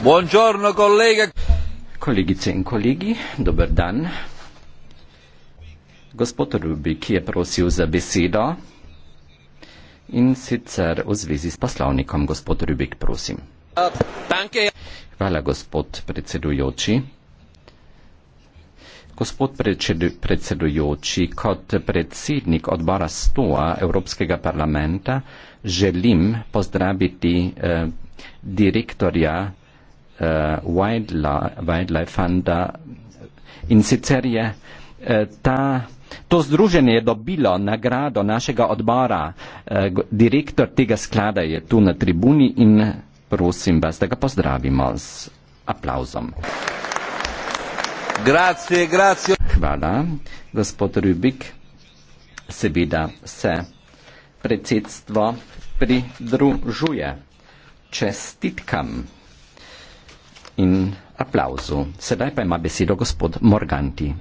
Buongiorno kolega. Kolegice in kolegi, dober dan. Gospod Rubik je prosil za besedo in sicer v zvezi s poslovnikom. Gospod Rubik, prosim. Hvala, gospod predsedujoči. Gospod predsedujoči, kot predsednik odbora STOA Evropskega parlamenta želim pozdraviti eh, direktorja eh, Wildlife, Wildlife Funda in sicer je eh, ta To združenje je dobilo nagrado našega odbora. Eh, direktor tega sklada je tu na tribuni in prosim vas, da ga pozdravimo z aplauzom. Grazie, grazie. Hvala, gospod Rubik. Seveda se predsedstvo pridružuje čestitkam in aplauzu. Sedaj pa ima besedo gospod Morganti.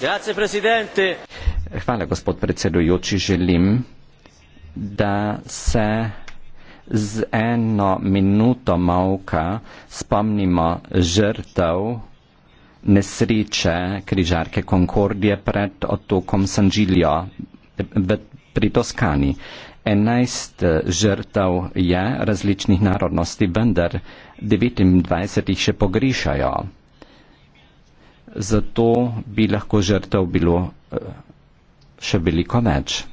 Grazie, presidente. Hvala, gospod predsedujoči. Želim, da se z eno minuto molka spomnimo žrtev nesreče križarke Concordie pred otokom San Giulio pri Toskani. Enajst eh, žrtev je različnih narodnosti, vendar 29 jih še pogrišajo. Zato bi lahko žrtev bilo eh, še veliko več.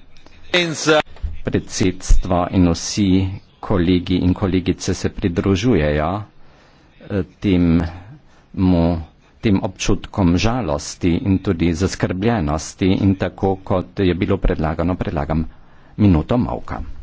Predsedstvo in vsi, kolegi in kolegice se pridružujejo eh, tim, mu, tim občutkom žalosti in tudi zaskrbljenosti in tako, kot je bilo predlagano, predlagam minuto mavka.